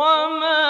وما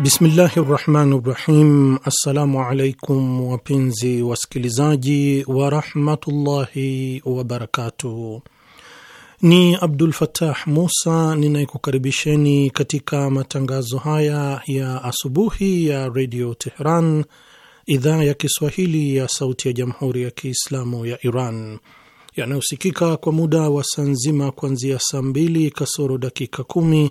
Bismillahi rahmani rahim. Assalamu alaikum wapenzi wasikilizaji warahmatullahi wabarakatuh. Ni Abdul fatah Musa ninayekukaribisheni katika matangazo haya ya asubuhi ya redio Tehran, idhaa ya Kiswahili ya sauti ya jamhuri ya Kiislamu ya Iran, yanayosikika kwa muda wa saa nzima kuanzia saa mbili kasoro dakika kumi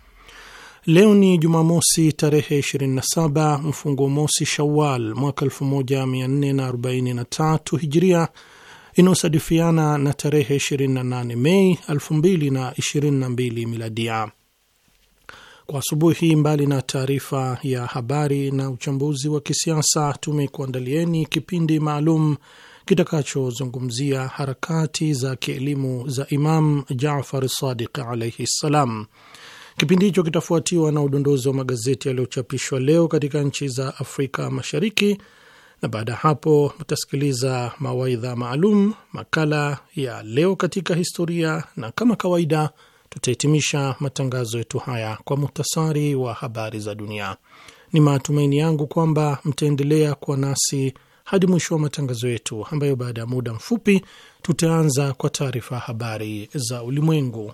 Leo ni Jumamosi tarehe 27 mfungo mosi Shawal mwaka 1443 Hijria, inayosadifiana na tarehe 28 Mei 2022 Miladia. Kwa asubuhi hii, mbali na taarifa ya habari na uchambuzi wa kisiasa, tumekuandalieni kipindi maalum kitakachozungumzia harakati za kielimu za Imam Jafar Sadiq alaihi ssalam. Kipindi hicho kitafuatiwa na udondozi wa magazeti yaliyochapishwa leo katika nchi za Afrika Mashariki, na baada ya hapo mtasikiliza mawaidha maalum, makala ya leo katika historia, na kama kawaida tutahitimisha matangazo yetu haya kwa muhtasari wa habari za dunia. Ni matumaini yangu kwamba mtaendelea kuwa nasi hadi mwisho wa matangazo yetu, ambayo baada ya muda mfupi tutaanza kwa taarifa habari za ulimwengu.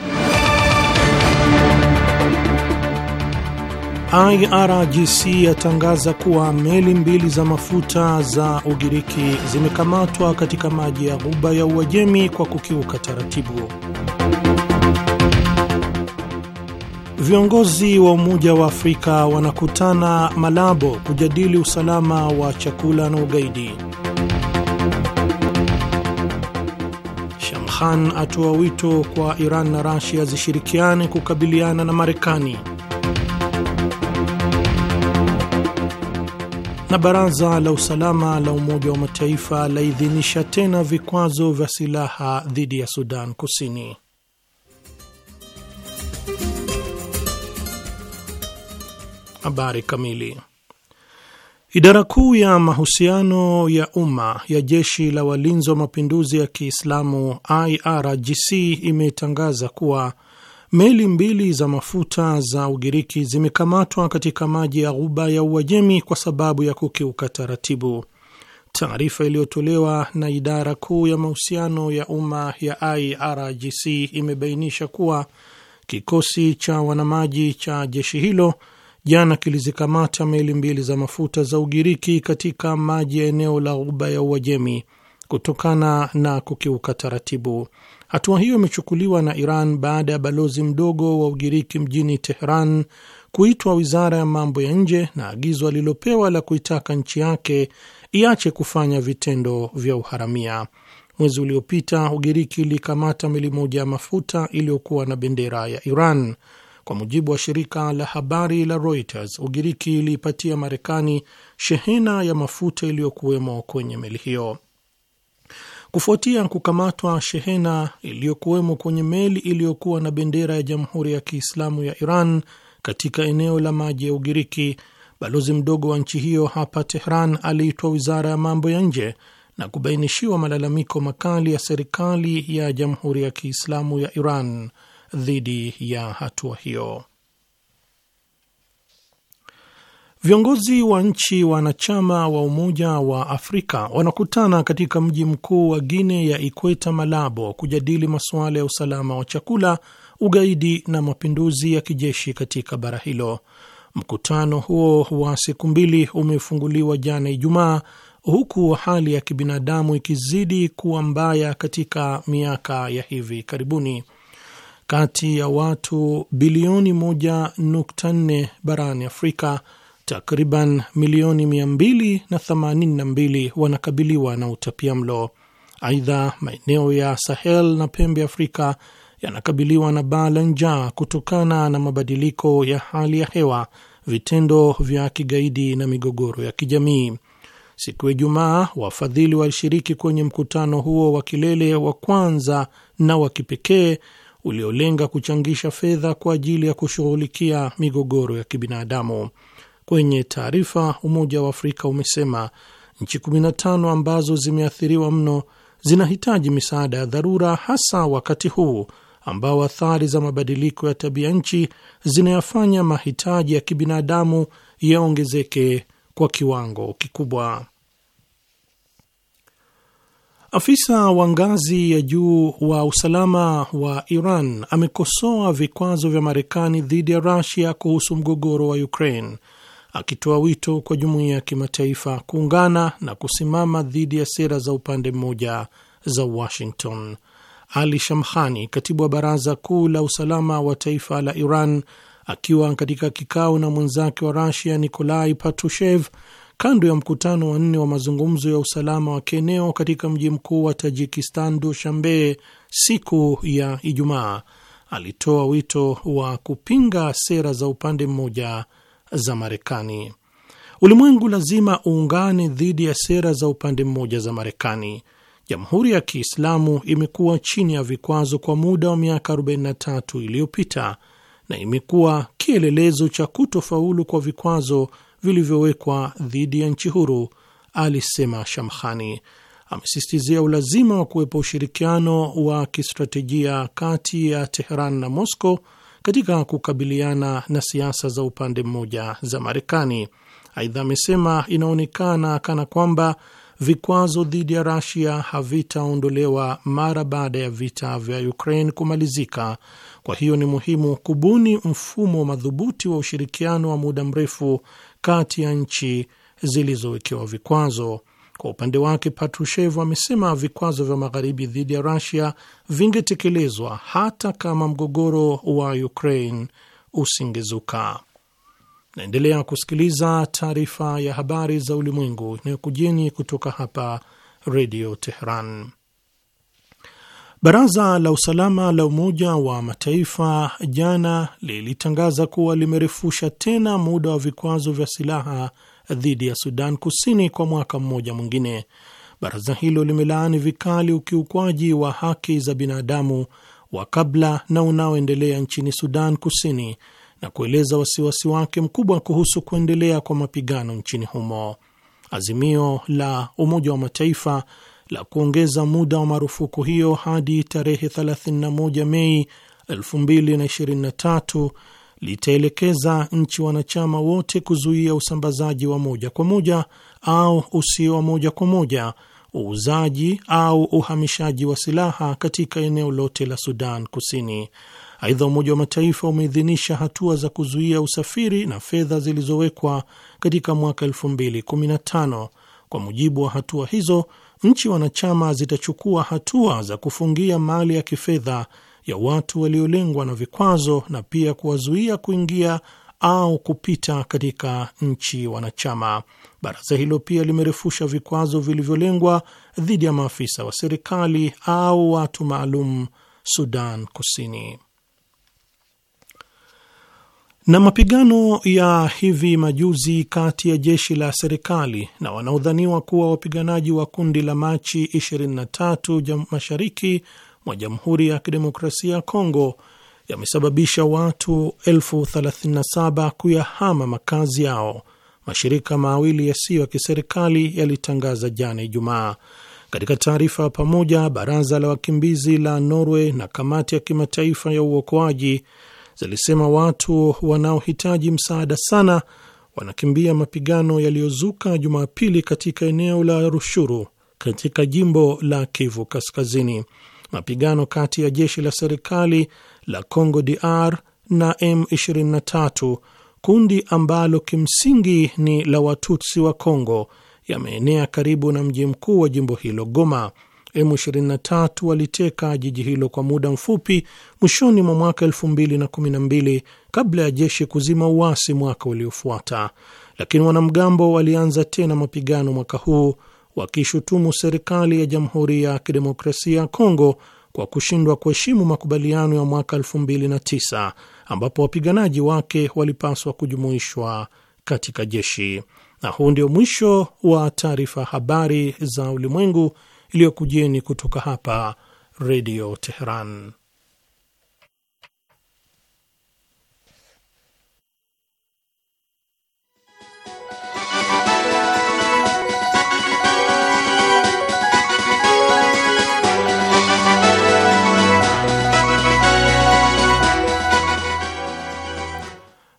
IRGC yatangaza kuwa meli mbili za mafuta za Ugiriki zimekamatwa katika maji ya ghuba ya Uajemi kwa kukiuka taratibu. Viongozi wa Umoja wa Afrika wanakutana Malabo kujadili usalama wa chakula na ugaidi. Shamkhan atoa wito kwa Iran na rasia zishirikiane kukabiliana na Marekani. Na baraza la usalama la Umoja wa Mataifa laidhinisha tena vikwazo vya silaha dhidi ya Sudan Kusini. Habari kamili. Idara kuu ya mahusiano ya umma ya jeshi la walinzi wa mapinduzi ya Kiislamu IRGC imetangaza kuwa Meli mbili za mafuta za Ugiriki zimekamatwa katika maji ya ghuba ya Uajemi kwa sababu ya kukiuka taratibu. Taarifa iliyotolewa na idara kuu ya mahusiano ya umma ya IRGC imebainisha kuwa kikosi cha wanamaji cha jeshi hilo jana kilizikamata meli mbili za mafuta za Ugiriki katika maji ya eneo la ghuba ya Uajemi kutokana na kukiuka taratibu. Hatua hiyo imechukuliwa na Iran baada ya balozi mdogo wa Ugiriki mjini Tehran kuitwa wizara ya mambo ya nje na agizo alilopewa la kuitaka nchi yake iache kufanya vitendo vya uharamia. Mwezi uliopita Ugiriki ilikamata meli moja ya mafuta iliyokuwa na bendera ya Iran. Kwa mujibu wa shirika la habari la Reuters, Ugiriki iliipatia Marekani shehena ya mafuta iliyokuwemo kwenye meli hiyo kufuatia kukamatwa shehena iliyokuwemo kwenye meli iliyokuwa na bendera ya Jamhuri ya Kiislamu ya Iran katika eneo la maji ya Ugiriki. Balozi mdogo wa nchi hiyo hapa Tehran aliitwa wizara ya mambo ya nje na kubainishiwa malalamiko makali ya serikali ya Jamhuri ya Kiislamu ya Iran dhidi ya hatua hiyo. Viongozi wa nchi wanachama wa Umoja wa Afrika wanakutana katika mji mkuu wa Guine ya Ikweta, Malabo, kujadili masuala ya usalama wa chakula, ugaidi na mapinduzi ya kijeshi katika bara hilo. Mkutano huo wa siku mbili umefunguliwa jana Ijumaa, huku hali ya kibinadamu ikizidi kuwa mbaya katika miaka ya hivi karibuni. Kati ya watu bilioni 1.4 barani Afrika takriban milioni 282 wanakabiliwa na utapia mlo. Aidha, maeneo ya Sahel na pembe Afrika yanakabiliwa na baa la njaa kutokana na mabadiliko ya hali ya hewa, vitendo vya kigaidi na migogoro ya kijamii. Siku ya Ijumaa, wafadhili walishiriki kwenye mkutano huo wa kilele wa kwanza na wa kipekee uliolenga kuchangisha fedha kwa ajili ya kushughulikia migogoro ya kibinadamu. Kwenye taarifa, Umoja wa Afrika umesema nchi 15 ambazo zimeathiriwa mno zinahitaji misaada ya dharura, hasa wakati huu ambao athari za mabadiliko ya tabia nchi zinayafanya mahitaji ya kibinadamu yaongezeke kwa kiwango kikubwa. Afisa wa ngazi ya juu wa usalama wa Iran amekosoa vikwazo vya Marekani dhidi ya Rusia kuhusu mgogoro wa Ukraine akitoa wito kwa jumuiya ya kimataifa kuungana na kusimama dhidi ya sera za upande mmoja za Washington. Ali Shamkhani, katibu wa baraza kuu la usalama wa taifa la Iran, akiwa katika kikao na mwenzake wa Rasia Nikolai Patrushev kando ya mkutano wa nne wa mazungumzo ya usalama wa kieneo katika mji mkuu wa Tajikistan, Dushambe, siku ya Ijumaa, alitoa wito wa kupinga sera za upande mmoja za Marekani. Ulimwengu lazima uungane dhidi ya sera za upande mmoja za Marekani. Jamhuri ya Kiislamu imekuwa chini ya vikwazo kwa muda wa miaka 43 iliyopita na imekuwa kielelezo cha kutofaulu kwa vikwazo vilivyowekwa dhidi ya nchi huru, alisema Shamkhani. Amesisitizia ulazima wa kuwepo ushirikiano wa kistratejia kati ya Teheran na Moscow katika kukabiliana na siasa za upande mmoja za Marekani. Aidha, amesema inaonekana kana kwamba vikwazo dhidi ya Rasia havitaondolewa mara baada ya vita vya Ukraine kumalizika. Kwa hiyo ni muhimu kubuni mfumo madhubuti wa ushirikiano wa muda mrefu kati ya nchi zilizowekewa vikwazo. Kwa upande wake, Patrushev amesema vikwazo vya Magharibi dhidi ya Rusia vingetekelezwa hata kama mgogoro wa Ukraine usingezuka. Naendelea kusikiliza taarifa ya habari za ulimwengu inayokujeni kutoka hapa Redio Teheran. Baraza la usalama la Umoja wa Mataifa jana lilitangaza kuwa limerefusha tena muda wa vikwazo vya silaha dhidi ya Sudan Kusini kwa mwaka mmoja mwingine. Baraza hilo limelaani vikali ukiukwaji wa haki za binadamu wa kabla na unaoendelea nchini Sudan Kusini na kueleza wasiwasi wake mkubwa kuhusu kuendelea kwa mapigano nchini humo. Azimio la Umoja wa Mataifa la kuongeza muda wa marufuku hiyo hadi tarehe 31 Mei 2023 litaelekeza nchi wanachama wote kuzuia usambazaji wa moja kwa moja au usio wa moja kwa moja, uuzaji au uhamishaji wa silaha katika eneo lote la Sudan Kusini. Aidha, Umoja wa Mataifa umeidhinisha hatua za kuzuia usafiri na fedha zilizowekwa katika mwaka 2015. Kwa mujibu wa hatua hizo, nchi wanachama zitachukua hatua za kufungia mali ya kifedha ya watu waliolengwa na vikwazo na pia kuwazuia kuingia au kupita katika nchi wanachama. Baraza hilo pia limerefusha vikwazo vilivyolengwa dhidi ya maafisa wa serikali au watu maalum Sudan Kusini. Na mapigano ya hivi majuzi kati ya jeshi la serikali na wanaodhaniwa kuwa wapiganaji wa kundi la Machi 23 mashariki mwa Jamhuri ya Kidemokrasia ya Kongo yamesababisha watu elfu 37 kuyahama makazi yao, mashirika mawili yasiyo ya kiserikali yalitangaza jana Ijumaa. Katika taarifa pamoja, baraza la wakimbizi la Norway na kamati ya kimataifa ya uokoaji zilisema watu wanaohitaji msaada sana wanakimbia mapigano yaliyozuka Jumapili katika eneo la Rushuru katika jimbo la Kivu Kaskazini mapigano kati ya jeshi la serikali la Congo DR na M23, kundi ambalo kimsingi ni la Watutsi wa Congo, yameenea karibu na mji mkuu wa jimbo hilo Goma. M23 waliteka jiji hilo kwa muda mfupi mwishoni mwa mwaka 2012 kabla ya jeshi kuzima uasi mwaka uliofuata, lakini wanamgambo walianza tena mapigano mwaka huu wakishutumu serikali ya Jamhuri ya Kidemokrasia ya Kongo kwa kushindwa kuheshimu makubaliano ya mwaka 2009 ambapo wapiganaji wake walipaswa kujumuishwa katika jeshi. Na huu ndio mwisho wa taarifa habari za ulimwengu iliyokujeni kutoka hapa Redio Teheran.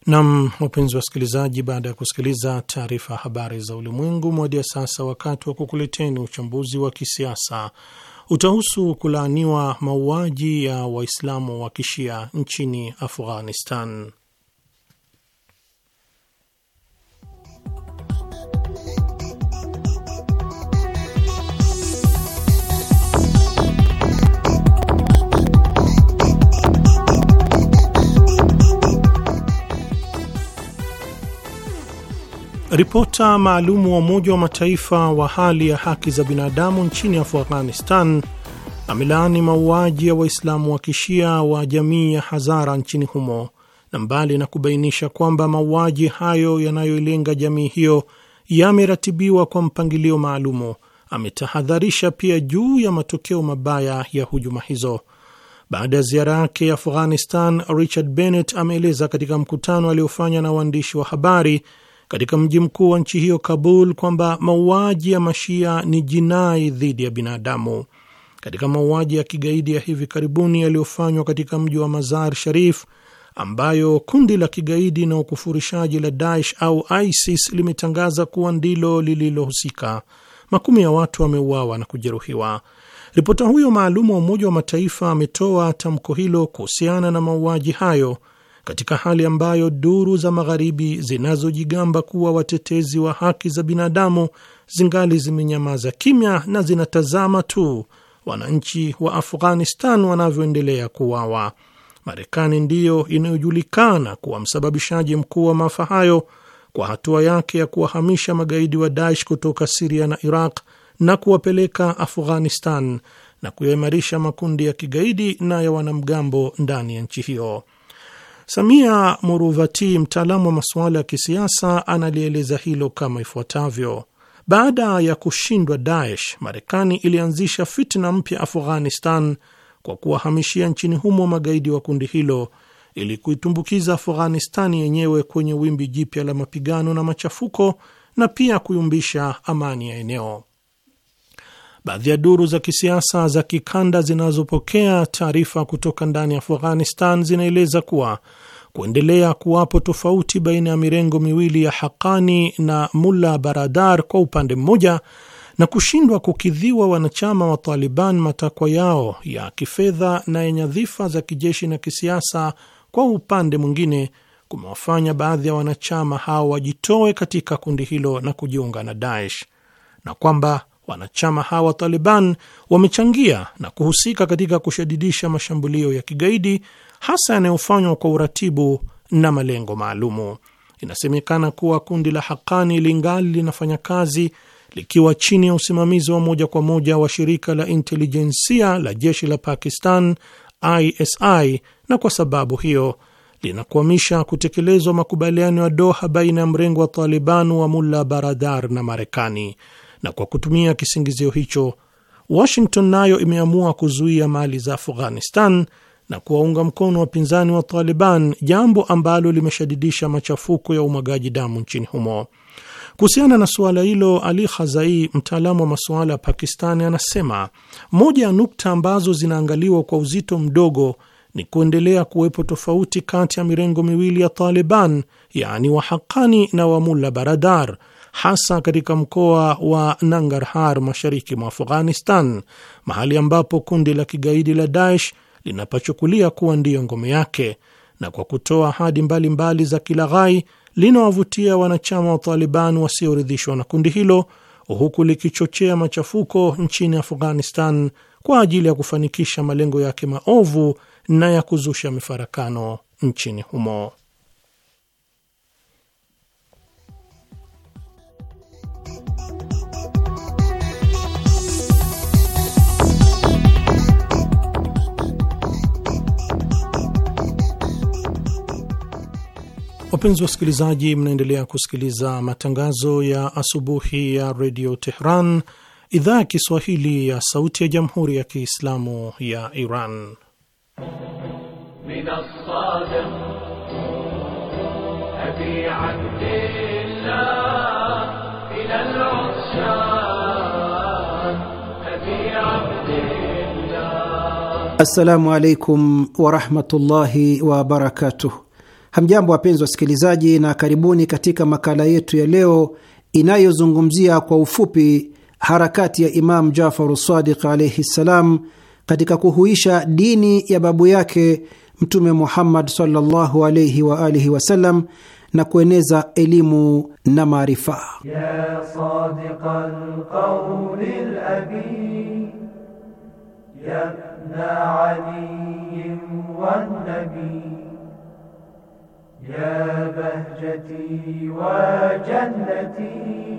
Nam, wapenzi wasikilizaji, baada ya kusikiliza taarifa habari za ulimwengu moja, sasa wakati wa kukuleteni uchambuzi wa kisiasa utahusu kulaaniwa mauaji ya Waislamu wa kishia nchini Afghanistan. Ripota maalumu wa Umoja wa Mataifa wa hali ya haki za binadamu nchini Afghanistan amelaani mauaji ya Waislamu wa kishia wa jamii ya Hazara nchini humo, na mbali na kubainisha kwamba mauaji hayo yanayoilenga jamii hiyo yameratibiwa kwa mpangilio maalumu, ametahadharisha pia juu ya matokeo mabaya ya hujuma hizo. Baada ya ziara yake ya Afghanistan, Richard Bennett ameeleza katika mkutano aliofanya na waandishi wa habari katika mji mkuu wa nchi hiyo Kabul kwamba mauaji ya Mashia ni jinai dhidi ya binadamu. Katika mauaji ya kigaidi ya hivi karibuni yaliyofanywa katika mji wa Mazar Sharif, ambayo kundi la kigaidi na ukufurishaji la Daesh au ISIS limetangaza kuwa ndilo lililohusika, makumi ya watu wameuawa na kujeruhiwa. Ripota huyo maalum wa Umoja wa Mataifa ametoa tamko hilo kuhusiana na mauaji hayo katika hali ambayo duru za magharibi zinazojigamba kuwa watetezi wa haki za binadamu zingali zimenyamaza kimya na zinatazama tu wananchi wa Afghanistan wanavyoendelea kuuawa. Marekani ndiyo inayojulikana kuwa msababishaji mkuu wa maafa hayo kwa hatua yake ya kuwahamisha magaidi wa Daesh kutoka Siria na Iraq na kuwapeleka Afghanistan na kuyaimarisha makundi ya kigaidi na ya wanamgambo ndani ya nchi hiyo. Samia Muruvati, mtaalamu wa masuala ya kisiasa, analieleza hilo kama ifuatavyo: baada ya kushindwa Daesh, Marekani ilianzisha fitna mpya Afghanistan kwa kuwahamishia nchini humo magaidi wa kundi hilo ili kuitumbukiza Afghanistani yenyewe kwenye wimbi jipya la mapigano na machafuko na pia kuyumbisha amani ya eneo. Baadhi ya duru za kisiasa za kikanda zinazopokea taarifa kutoka ndani ya Afghanistan zinaeleza kuwa kuendelea kuwapo tofauti baina ya mirengo miwili ya haqani na Mulla Baradar kwa upande mmoja na kushindwa kukidhiwa wanachama wa Taliban matakwa yao ya kifedha na ya nyadhifa za kijeshi na kisiasa kwa upande mwingine kumewafanya baadhi ya wanachama hao wajitoe katika kundi hilo na kujiunga na Daesh na kwamba wanachama hawa wa Taliban wamechangia na kuhusika katika kushadidisha mashambulio ya kigaidi hasa yanayofanywa kwa uratibu na malengo maalumu. Inasemekana kuwa kundi la Hakani lingali linafanya kazi likiwa chini ya usimamizi wa moja kwa moja wa shirika la intelijensia la jeshi la Pakistan ISI, na kwa sababu hiyo linakwamisha kutekelezwa makubaliano ya Doha baina ya mrengo wa Taliban wa Mulla Baradar na Marekani. Na kwa kutumia kisingizio hicho, Washington nayo imeamua kuzuia mali za Afghanistan na kuwaunga mkono wapinzani wa Taliban, jambo ambalo limeshadidisha machafuko ya umwagaji damu nchini humo. Kuhusiana na suala hilo, Ali Khazai, mtaalamu wa masuala ya Pakistani, anasema moja ya nukta ambazo zinaangaliwa kwa uzito mdogo ni kuendelea kuwepo tofauti kati ya mirengo miwili ya Taliban, yaani Wahaqani na Wamulla Baradar, hasa katika mkoa wa Nangarhar mashariki mwa Afghanistan, mahali ambapo kundi la kigaidi la Daesh linapachukulia kuwa ndiyo ngome yake na kwa kutoa ahadi mbalimbali za kilaghai linawavutia wanachama wa Taliban wasioridhishwa na kundi hilo huku likichochea machafuko nchini Afghanistan kwa ajili ya kufanikisha malengo yake maovu na ya kuzusha mifarakano nchini humo. Wapenzi wasikilizaji, mnaendelea kusikiliza matangazo ya asubuhi ya redio Tehran, idhaa ya Kiswahili ya sauti ya jamhuri ya Kiislamu ya Iran. Assalamu alaikum warahmatullahi wabarakatuh. Hamjambo, wapenzi wasikilizaji, na karibuni katika makala yetu ya leo inayozungumzia kwa ufupi harakati ya Imam Jafaru Sadiq alaihi ssalam katika kuhuisha dini ya babu yake Mtume Muhammad sallallahu alaihi wa alihi wasallam na kueneza elimu na maarifa. يا بهجتي وجنتي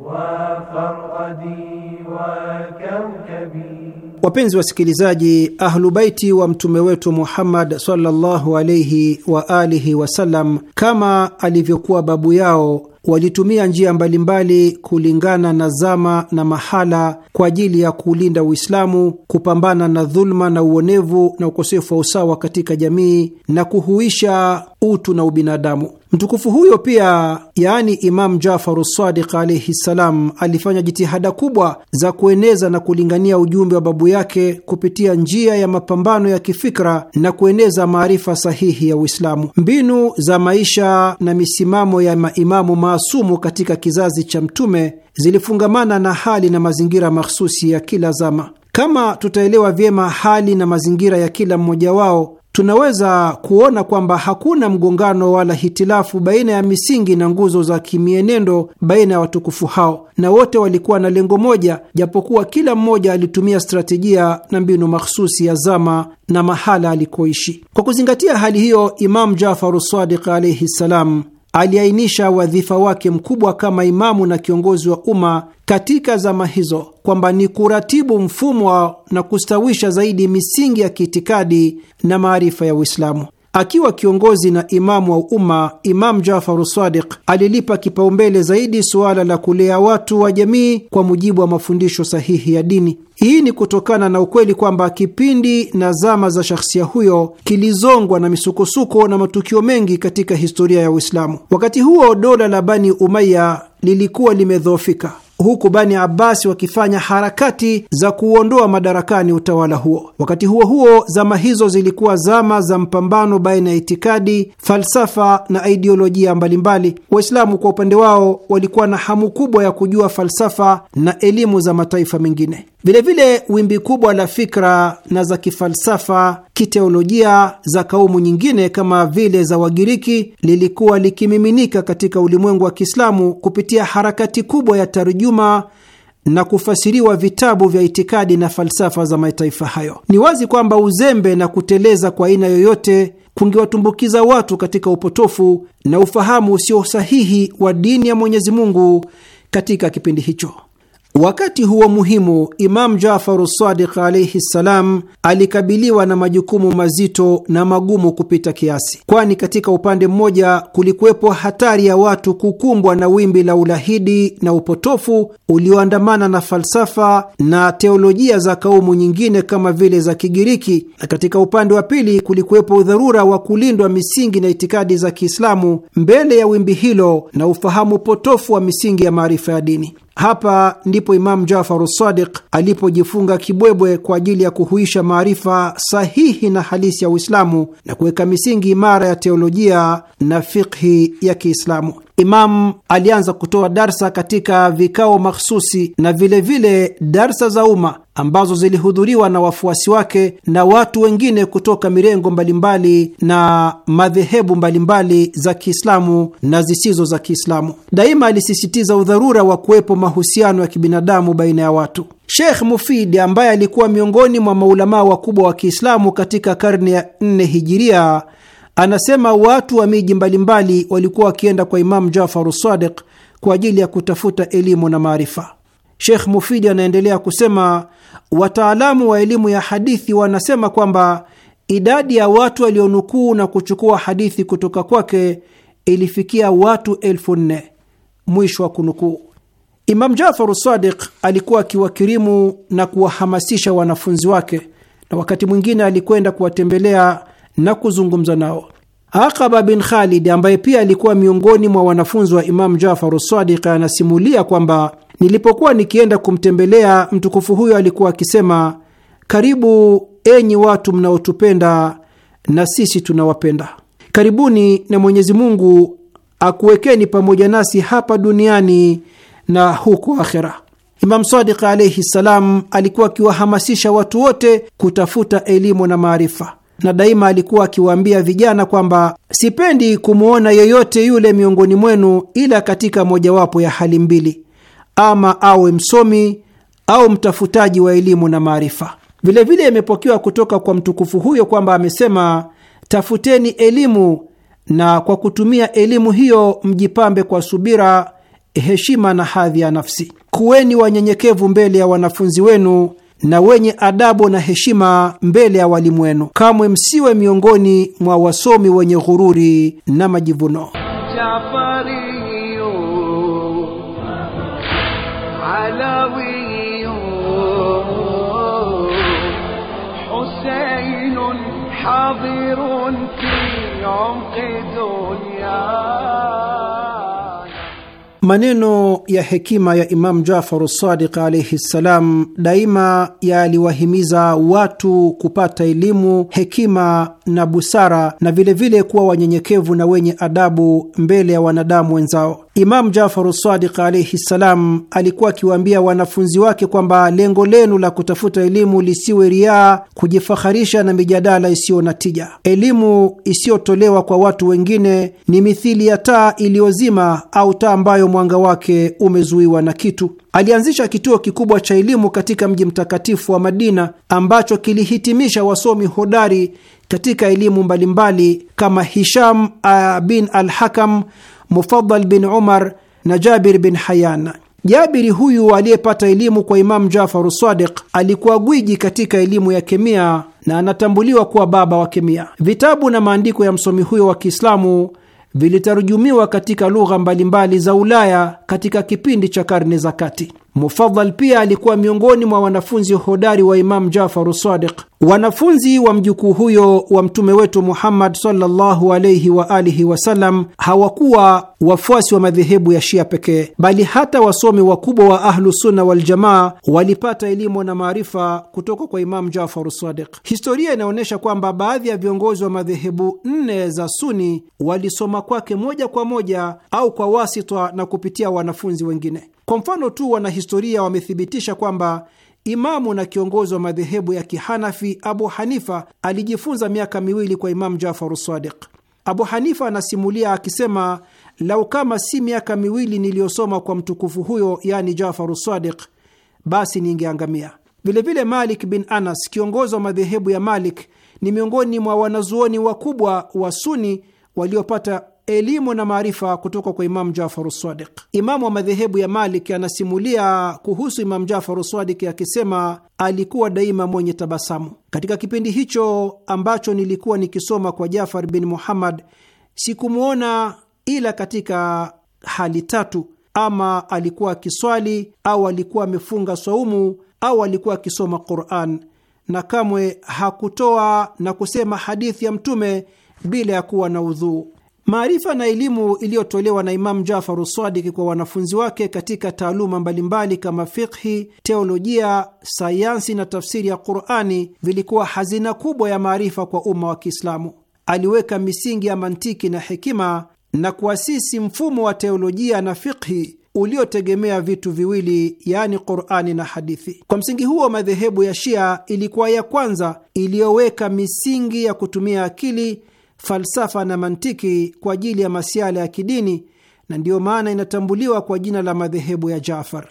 وفرغدي وكوكبي Wapenzi wasikilizaji, Ahlubaiti wa mtume wetu Muhammad sallallahu alaihi wa alihi wasallam, kama alivyokuwa babu yao, walitumia njia mbalimbali kulingana na zama na mahala kwa ajili ya kuulinda Uislamu, kupambana na dhuluma na uonevu na ukosefu wa usawa katika jamii na kuhuisha utu na ubinadamu. Mtukufu huyo pia, yaani Imam Jafaru Sadiq alaihi ssalam, alifanya jitihada kubwa za kueneza na kulingania ujumbe wa babu yake kupitia njia ya mapambano ya kifikra na kueneza maarifa sahihi ya Uislamu. Mbinu za maisha na misimamo ya maimamu maasumu katika kizazi cha Mtume zilifungamana na hali na mazingira mahsusi ya kila zama. Kama tutaelewa vyema hali na mazingira ya kila mmoja wao tunaweza kuona kwamba hakuna mgongano wala hitilafu baina ya misingi na nguzo za kimienendo baina ya watukufu hao, na wote walikuwa na lengo moja, japokuwa kila mmoja alitumia strategia na mbinu makhususi ya zama na mahala alikoishi. Kwa kuzingatia hali hiyo, imamu Jafaru Sadiq alaihi ssalam aliainisha wadhifa wake mkubwa kama imamu na kiongozi wa umma katika zama hizo kwamba ni kuratibu mfumo na kustawisha zaidi misingi ya kiitikadi na maarifa ya Uislamu. Akiwa kiongozi na imamu wa umma, Imamu Jafaru Sadiq alilipa kipaumbele zaidi suala la kulea watu wa jamii kwa mujibu wa mafundisho sahihi ya dini. Hii ni kutokana na ukweli kwamba kipindi na zama za shahsia huyo kilizongwa na misukosuko na matukio mengi katika historia ya Uislamu. Wakati huo dola la Bani Umaya lilikuwa limedhoofika huku Bani abasi wakifanya harakati za kuuondoa madarakani utawala huo. Wakati huo huo, zama hizo zilikuwa zama za mpambano baina ya itikadi, falsafa na ideolojia mbalimbali. Waislamu kwa upande wao walikuwa na hamu kubwa ya kujua falsafa na elimu za mataifa mengine. Vilevile wimbi kubwa la fikra na za kifalsafa kiteolojia za kaumu nyingine kama vile za Wagiriki lilikuwa likimiminika katika ulimwengu wa Kiislamu kupitia harakati kubwa ya tarjuma Juma na kufasiriwa vitabu vya itikadi na falsafa za mataifa hayo. Ni wazi kwamba uzembe na kuteleza kwa aina yoyote kungewatumbukiza watu katika upotofu na ufahamu usio sahihi wa dini ya Mwenyezi Mungu katika kipindi hicho. Wakati huo muhimu, Imamu Jafaru Sadiq alaihi ssalam alikabiliwa na majukumu mazito na magumu kupita kiasi, kwani katika upande mmoja kulikuwepo hatari ya watu kukumbwa na wimbi la ulahidi na upotofu ulioandamana na falsafa na teolojia za kaumu nyingine kama vile za Kigiriki, na katika upande wa pili kulikuwepo udharura wa kulindwa misingi na itikadi za Kiislamu mbele ya wimbi hilo na ufahamu potofu wa misingi ya maarifa ya dini. Hapa ndipo Imamu Jafaru Sadiq alipojifunga kibwebwe kwa ajili ya kuhuisha maarifa sahihi na halisi ya Uislamu na kuweka misingi imara ya teolojia na fikhi ya Kiislamu. Imam alianza kutoa darsa katika vikao mahsusi na vilevile vile darsa za umma ambazo zilihudhuriwa na wafuasi wake na watu wengine kutoka mirengo mbalimbali na madhehebu mbalimbali za Kiislamu na zisizo za Kiislamu. Daima alisisitiza udharura wa kuwepo mahusiano ya kibinadamu baina ya watu. Sheikh Mufid ambaye alikuwa miongoni mwa maulamaa wakubwa wa Kiislamu katika karne ya nne hijiria Anasema watu wa miji mbalimbali walikuwa wakienda kwa Imamu Jafaru Sadiq kwa ajili ya kutafuta elimu na maarifa. Sheikh Mufidi anaendelea kusema, wataalamu wa elimu ya hadithi wanasema kwamba idadi ya watu walionukuu na kuchukua hadithi kutoka kwake ilifikia watu elfu nne. Mwisho wa kunukuu. Imam Jafaru Sadiq alikuwa akiwakirimu na kuwahamasisha wanafunzi wake, na wakati mwingine alikwenda kuwatembelea na kuzungumza nao. Aqaba bin Khalid ambaye pia alikuwa miongoni mwa wanafunzi wa Imamu Jafaru Sadiq anasimulia kwamba nilipokuwa nikienda kumtembelea mtukufu huyo alikuwa akisema, karibu enyi watu mnaotupenda na sisi tunawapenda, karibuni na Mwenyezi Mungu akuwekeni pamoja nasi hapa duniani na huko akhera. Imam Sadiq alaihi ssalam alikuwa akiwahamasisha watu wote kutafuta elimu na maarifa na daima alikuwa akiwaambia vijana kwamba sipendi kumwona yeyote yule miongoni mwenu ila katika mojawapo ya hali mbili, ama awe msomi au mtafutaji wa elimu na maarifa. Vilevile imepokewa kutoka kwa mtukufu huyo kwamba amesema, tafuteni elimu na kwa kutumia elimu hiyo mjipambe kwa subira, heshima na hadhi ya nafsi. Kuweni wanyenyekevu mbele ya wanafunzi wenu na wenye adabu na heshima mbele ya walimu wenu. Kamwe msiwe miongoni mwa wasomi wenye ghururi na majivuno. Maneno ya hekima ya Imamu Jafaru Sadiq alaihi ssalam daima yaliwahimiza watu kupata elimu, hekima na busara na vilevile vile kuwa wanyenyekevu na wenye adabu mbele ya wanadamu wenzao. Imamu Jafaru Sadiq alaihi ssalam alikuwa akiwaambia wanafunzi wake kwamba lengo lenu la kutafuta elimu lisiwe riaa, kujifaharisha na mijadala isiyo na tija. Elimu isiyotolewa kwa watu wengine ni mithili ya taa iliyozima au taa ambayo mwanga wake umezuiwa na kitu. Alianzisha kituo kikubwa cha elimu katika mji mtakatifu wa Madina ambacho kilihitimisha wasomi hodari katika elimu mbalimbali kama Hisham ah, bin al-Hakam Mufadal bin Umar na Jabir bin Hayyan. Jabiri huyu aliyepata elimu kwa Imamu Jafaru Sadiq alikuwa gwiji katika elimu ya kemia na anatambuliwa kuwa baba wa kemia. Vitabu na maandiko ya msomi huyo wa Kiislamu vilitarujumiwa katika lugha mbalimbali za Ulaya katika kipindi cha karne za kati. Mufadhal pia alikuwa miongoni mwa wanafunzi hodari wa Imamu Jafaru Sadiq. Wanafunzi wa mjukuu huyo wa mtume wetu Muhammad sallallahu alayhi wa alihi wasallam hawakuwa wafuasi wa madhehebu ya Shia pekee, bali hata wasomi wakubwa wa Ahlusunna Waljamaa walipata elimu na maarifa kutoka kwa Imamu Jafaru Sadiq. Historia inaonyesha kwamba baadhi ya viongozi wa madhehebu nne za Suni walisoma kwake moja kwa moja au kwa wasita na kupitia wanafunzi wengine. Kwa mfano tu, wanahistoria wamethibitisha kwamba imamu na kiongozi wa madhehebu ya kihanafi Abu Hanifa alijifunza miaka miwili kwa Imamu Jafaru Sadiq. Abu Hanifa anasimulia akisema, lau kama si miaka miwili niliyosoma kwa mtukufu huyo, yaani Jafaru Sadiq, basi ningeangamia. Vilevile Malik bin Anas, kiongozi wa madhehebu ya Malik, ni miongoni mwa wanazuoni wakubwa wa Suni waliopata elimu na maarifa kutoka kwa Imamu Jafaru Sadiq. Imamu wa madhehebu ya Malik anasimulia kuhusu Imamu Jafaru Sadiq akisema, alikuwa daima mwenye tabasamu. Katika kipindi hicho ambacho nilikuwa nikisoma kwa Jafar bin Muhammad, sikumwona ila katika hali tatu: ama alikuwa akiswali, au alikuwa amefunga swaumu, au alikuwa akisoma Quran, na kamwe hakutoa na kusema hadithi ya Mtume bila ya kuwa na udhuu. Maarifa na elimu iliyotolewa na Imamu Jafaru Sadiki kwa wanafunzi wake katika taaluma mbalimbali kama fikhi, teolojia, sayansi na tafsiri ya Qurani vilikuwa hazina kubwa ya maarifa kwa umma wa Kiislamu. Aliweka misingi ya mantiki na hekima na kuasisi mfumo wa teolojia na fikhi uliotegemea vitu viwili yaani Qurani na hadithi. Kwa msingi huo, madhehebu ya Shia ilikuwa ya kwanza iliyoweka misingi ya kutumia akili falsafa na mantiki kwa ajili ya masiala ya kidini, na ndiyo maana inatambuliwa kwa jina la madhehebu ya Jafar.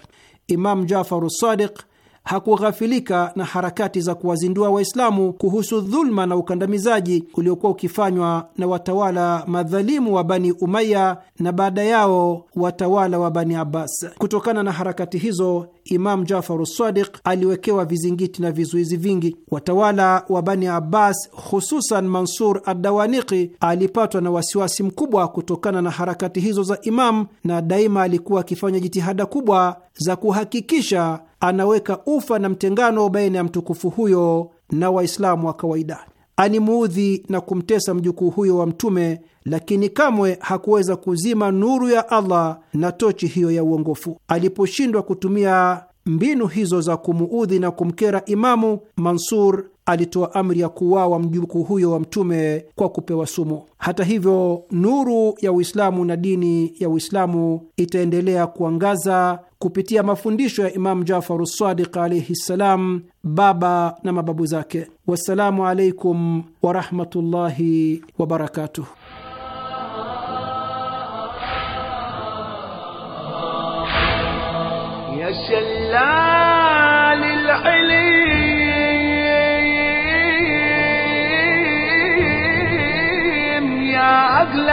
Imam Jafar Sadiq hakughafilika na harakati za kuwazindua Waislamu kuhusu dhulma na ukandamizaji uliokuwa ukifanywa na watawala madhalimu wa Bani Umaya na baada yao watawala wa Bani Abbas. Kutokana na harakati hizo, Imam Jafaru Sadiq aliwekewa vizingiti na vizuizi vingi. Watawala wa Bani Abbas, hususan Mansur Adawaniki, alipatwa na wasiwasi mkubwa kutokana na harakati hizo za Imam, na daima alikuwa akifanya jitihada kubwa za kuhakikisha anaweka ufa na mtengano baina ya mtukufu huyo na Waislamu wa kawaida. Animuudhi na kumtesa mjukuu huyo wa Mtume, lakini kamwe hakuweza kuzima nuru ya Allah na tochi hiyo ya uongofu. Aliposhindwa kutumia mbinu hizo za kumuudhi na kumkera Imamu Mansur alitoa amri ya kuuawa mjukuu huyo wa Mtume kwa kupewa sumu. Hata hivyo, nuru ya Uislamu na dini ya Uislamu itaendelea kuangaza kupitia mafundisho ya Imamu Jafaru Sadiq alaihi ssalam, baba na mababu zake. Wassalamu alaikum warahmatullahi wabarakatuh.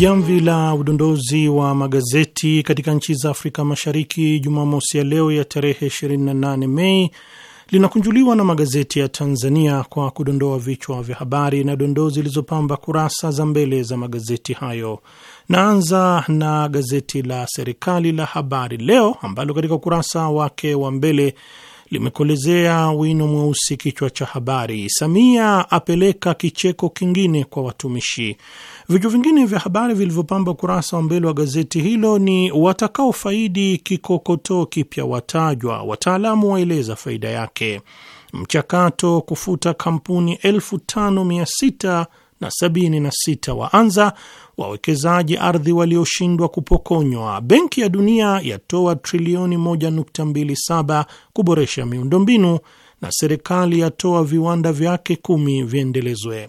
Jamvi la udondozi wa magazeti katika nchi za Afrika Mashariki Jumamosi ya leo ya tarehe 28 Mei linakunjuliwa na magazeti ya Tanzania kwa kudondoa vichwa vya habari na dondoo zilizopamba kurasa za mbele za magazeti hayo. Naanza na gazeti la serikali la Habari Leo ambalo katika ukurasa wake wa mbele limekolezea wino mweusi kichwa cha habari, Samia apeleka kicheko kingine kwa watumishi. Vichwa vingine vya habari vilivyopamba ukurasa wa mbele wa gazeti hilo ni watakaofaidi kikokotoo kipya watajwa, wataalamu waeleza faida yake, mchakato kufuta kampuni 5676 waanza, wawekezaji ardhi walioshindwa kupokonywa, Benki ya Dunia yatoa trilioni 1.27 kuboresha miundombinu, na serikali yatoa viwanda vyake kumi viendelezwe.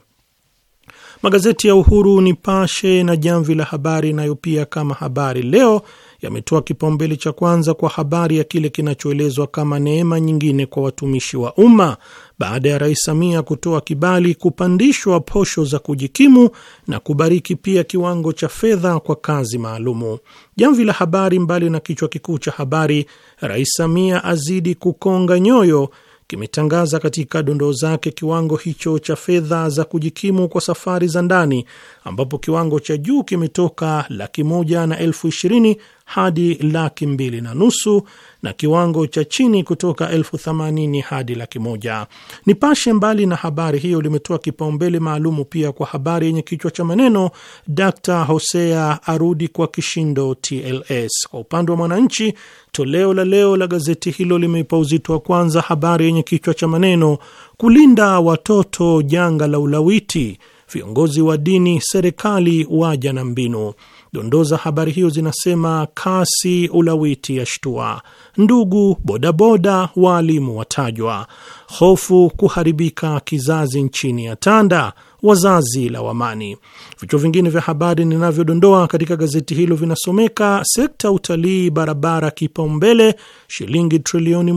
Magazeti ya Uhuru, Nipashe na Jamvi la Habari nayo pia kama Habari Leo yametoa kipaumbele cha kwanza kwa habari ya kile kinachoelezwa kama neema nyingine kwa watumishi wa umma baada ya Rais Samia kutoa kibali kupandishwa posho za kujikimu na kubariki pia kiwango cha fedha kwa kazi maalumu. Jamvi la Habari, mbali na kichwa kikuu cha habari, Rais Samia azidi kukonga nyoyo kimetangaza katika dondoo zake kiwango hicho cha fedha za kujikimu kwa safari za ndani ambapo kiwango cha juu kimetoka laki moja na elfu ishirini hadi laki mbili na nusu na kiwango cha chini kutoka elfu themanini hadi laki moja. Nipashe mbali na habari hiyo limetoa kipaumbele maalumu pia kwa habari yenye kichwa cha maneno Dr. Hosea arudi kwa kishindo TLS. Kwa upande wa Mwananchi, toleo la leo la gazeti hilo limeipa uzito wa kwanza habari yenye kichwa cha maneno kulinda watoto janga la ulawiti viongozi wa dini, serikali waja na mbinu. Dondoo za habari hiyo zinasema kasi ulawiti ya shtua, ndugu bodaboda, waalimu watajwa, hofu kuharibika kizazi nchini ya tanda wazazi la wamani Vichwa vingine vya habari ninavyodondoa katika gazeti hilo vinasomeka: sekta utalii barabara kipaumbele, shilingi trilioni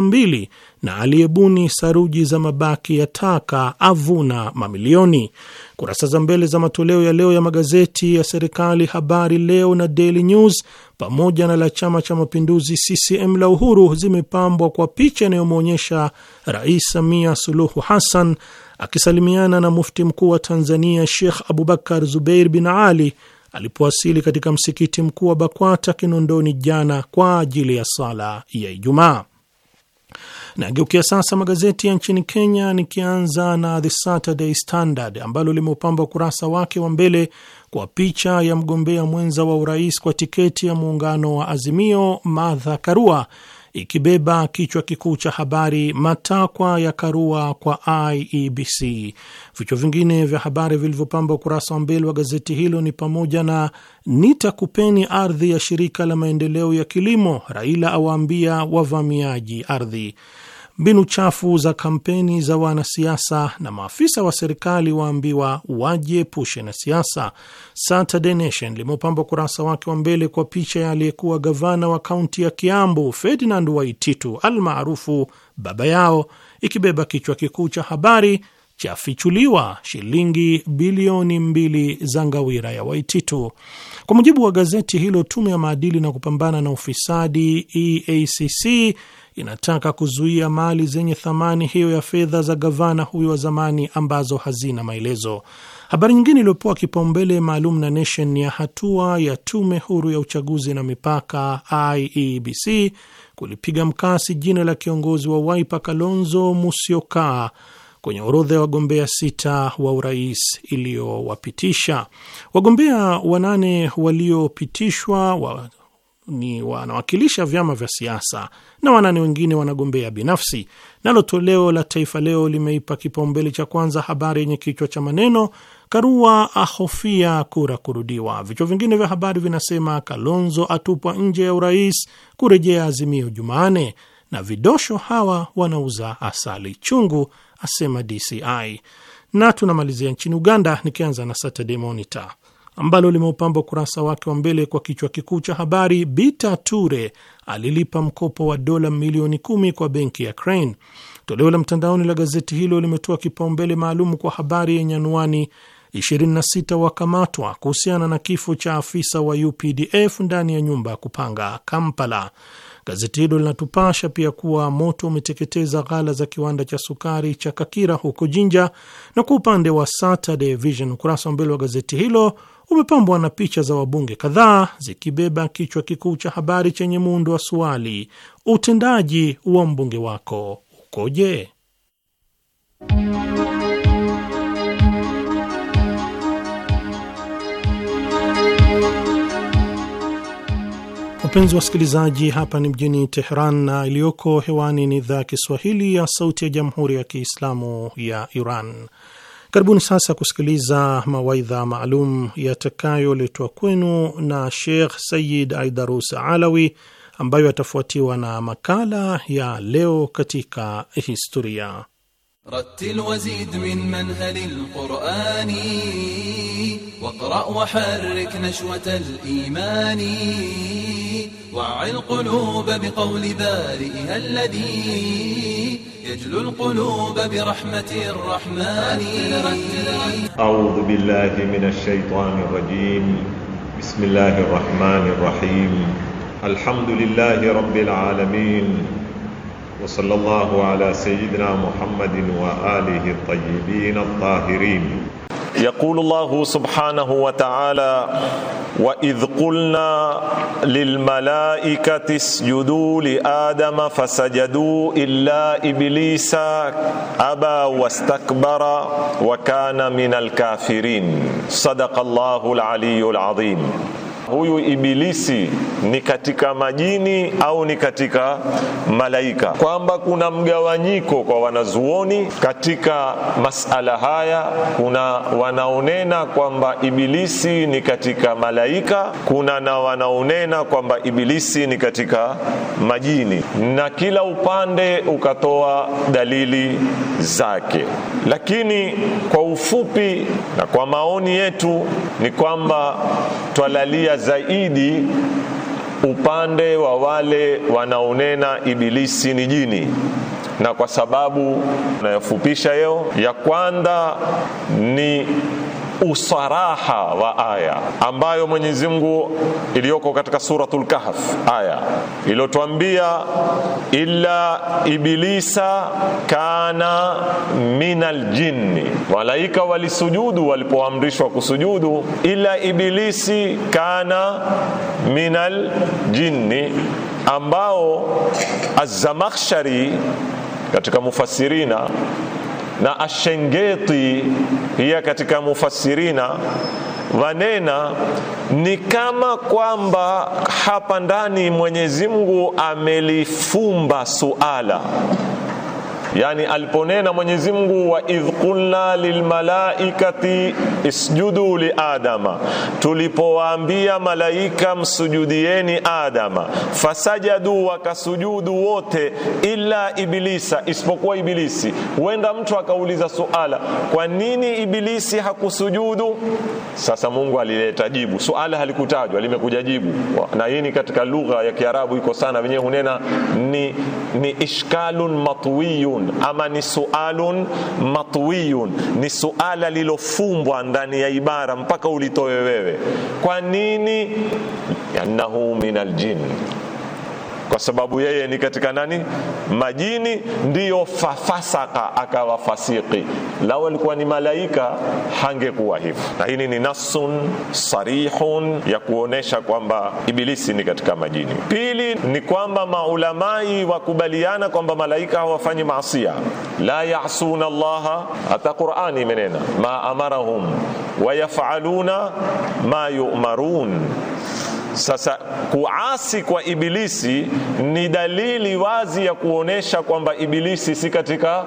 mbili na aliyebuni saruji za mabaki ya taka avuna mamilioni. Kurasa za mbele za matoleo ya leo ya magazeti ya serikali Habari Leo na Daily News pamoja na la Chama cha Mapinduzi CCM la Uhuru zimepambwa kwa picha inayomwonyesha Rais Samia Suluhu Hassan akisalimiana na mufti mkuu wa Tanzania Sheikh Abubakar Zubeir bin Ali alipowasili katika msikiti mkuu wa Bakwata Kinondoni jana kwa ajili ya sala ya Ijumaa. Nageukia sasa magazeti ya nchini Kenya, nikianza na The Saturday Standard ambalo limeupamba ukurasa wake wa mbele kwa picha ya mgombea mwenza wa urais kwa tiketi ya muungano wa Azimio, Martha Karua ikibeba kichwa kikuu cha habari matakwa ya Karua kwa IEBC. Vichwa vingine vya habari vilivyopamba ukurasa wa mbele wa gazeti hilo ni pamoja na nitakupeni ardhi ya shirika la maendeleo ya kilimo, Raila awaambia wavamiaji ardhi mbinu chafu za kampeni za wanasiasa na maafisa wa serikali waambiwa wajiepushe na siasa. Saturday Nation limeupamba ukurasa wake wa mbele kwa picha ya aliyekuwa gavana wa kaunti ya Kiambu Ferdinand Waititu almaarufu baba yao, ikibeba kichwa kikuu cha habari chafichuliwa shilingi bilioni mbili za ngawira ya Waititu. Kwa mujibu wa gazeti hilo, tume ya maadili na kupambana na ufisadi EACC inataka kuzuia mali zenye thamani hiyo ya fedha za gavana huyo wa zamani ambazo hazina maelezo. Habari nyingine iliyopewa kipaumbele maalum na Nation ni ya hatua ya tume huru ya uchaguzi na mipaka IEBC kulipiga mkasi jina la kiongozi wa Wiper Kalonzo Musyoka kwenye orodha ya wagombea sita wa urais iliyowapitisha. Wagombea wanane waliopitishwa wa ni wanawakilisha vyama vya siasa na wanane wengine wanagombea binafsi. Nalo toleo la Taifa Leo limeipa kipaumbele cha kwanza habari yenye kichwa cha maneno Karua ahofia kura kurudiwa. Vichwa vingine vya habari vinasema Kalonzo atupwa nje ya urais kurejea Azimio jumaane na vidosho hawa wanauza asali chungu, asema DCI. Na tunamalizia nchini Uganda, nikianza na Saturday Monitor ambalo limeupamba ukurasa wake wa mbele kwa kichwa kikuu cha habari, Bita Ture alilipa mkopo wa dola milioni kumi kwa benki ya Crane. Toleo la mtandaoni la gazeti hilo limetoa kipaumbele maalum kwa habari yenye anwani 26 wakamatwa kuhusiana na kifo cha afisa wa UPDF ndani ya nyumba ya kupanga Kampala. Gazeti hilo linatupasha pia kuwa moto umeteketeza ghala za kiwanda cha sukari cha Kakira huko Jinja, na kwa upande wa Saturday Vision, ukurasa wa mbele wa gazeti hilo kumepambwa na picha za wabunge kadhaa zikibeba kichwa kikuu cha habari chenye muundo wa swali, utendaji wa mbunge wako ukoje? Wapenzi wasikilizaji, hapa ni mjini Teheran na iliyoko hewani ni idhaa ya Kiswahili ya Sauti ya Jamhuri ya Kiislamu ya Iran. Karibuni sasa kusikiliza mawaidha maalum yatakayoletwa kwenu na Sheikh Sayid Aidarus Alawi ambayo atafuatiwa na makala ya leo katika historia. رتل وزيد من منهل القرآن واقرأ وحرك نشوة الإيمان وعي القلوب بقول بارئها الذي يجلو القلوب برحمة الرحمن أعوذ بالله من الشيطان الرجيم بسم الله الرحمن الرحيم الحمد لله رب العالمين وصلى الله على سيدنا محمد وآله الطيبين الطاهرين يقول الله سبحانه وتعالى وإذ قلنا للملائكة اسجدوا لآدم فسجدوا إلا إبليس أبى واستكبر وكان من الكافرين صدق الله العلي العظيم huyu Ibilisi ni katika majini au ni katika malaika, kwamba kuna mgawanyiko kwa wanazuoni katika masala haya. Kuna wanaonena kwamba Ibilisi ni katika malaika, kuna na wanaonena kwamba Ibilisi ni katika majini, na kila upande ukatoa dalili zake, lakini kwa ufupi na kwa maoni yetu ni kwamba twalalia zaidi upande wa wale wanaonena ibilisi ni jini na kwa sababu nayofupisha yeo ya kwanza ni usaraha wa aya ambayo Mwenyezi Mungu iliyoko katika suratul Kahf, aya iliyotuambia illa ibilisa kana minal jinni, malaika walisujudu walipoamrishwa kusujudu, ila ibilisi kana minal jinni, ambao Azamakhshari katika mufasirina na Ashengeti hiya katika mufasirina wanena ni kama kwamba hapa ndani Mwenyezi Mungu amelifumba suala yani aliponena Mwenyezi Mungu wa idh qulna lilmalaikati isjudu li adama, tulipowaambia malaika msujudieni Adama, fasajadu wakasujudu wote ila ibilisa, isipokuwa ibilisi. Huenda mtu akauliza suala, kwa nini ibilisi hakusujudu? Sasa Mungu alileta jibu, suala halikutajwa, limekuja jibu, na hii ni katika lugha ya Kiarabu iko sana, wenyewe hunena ni, ni ishkalun matwiyun ama ni sualun matwiyun, ni suala lilofumbwa ndani ya ibara mpaka ulitoe wewe. Kwa nini? annahu min aljin kwa sababu yeye ni katika nani majini ndiyo fafasaka akawa fasiki Lau alikuwa ni malaika hangekuwa hivyo na hili ni nasun sarihun ya kuonyesha kwamba ibilisi ni katika majini pili ni kwamba maulamai wakubaliana kwamba malaika hawafanyi maasia la yasuna llaha hata qurani imenena ma amarahum wayafaluna ma yumarun sasa kuasi kwa Ibilisi ni dalili wazi ya kuonesha kwamba Ibilisi si katika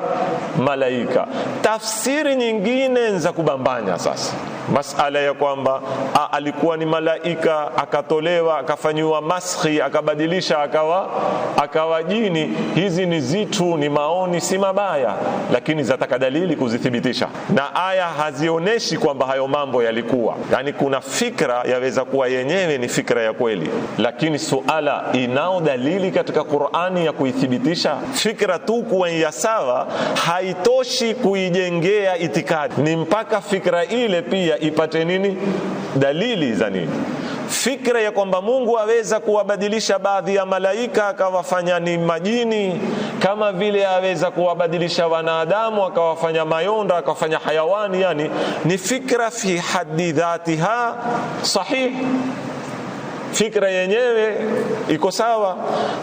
malaika. Tafsiri nyingine za kubambanya sasa masala ya kwamba a, alikuwa ni malaika akatolewa akafanyiwa maskhi akabadilisha akawa akawa jini. Hizi ni zitu, ni maoni, si mabaya, lakini zataka dalili kuzithibitisha, na aya hazionyeshi kwamba hayo mambo yalikuwa. Yani kuna fikra yaweza kuwa yenyewe ni fikra fikra ya kweli, lakini suala inao dalili katika Qur'ani ya kuithibitisha fikra tu kuwa ya sawa haitoshi kuijengea itikadi, ni mpaka fikra ile pia ipate nini, dalili za nini fikra ya kwamba Mungu aweza kuwabadilisha baadhi ya malaika akawafanya ni majini, kama vile aweza kuwabadilisha wanadamu akawafanya mayonda akawafanya hayawani, yani ni fikra fi haddi dhatiha sahih fikra yenyewe iko sawa,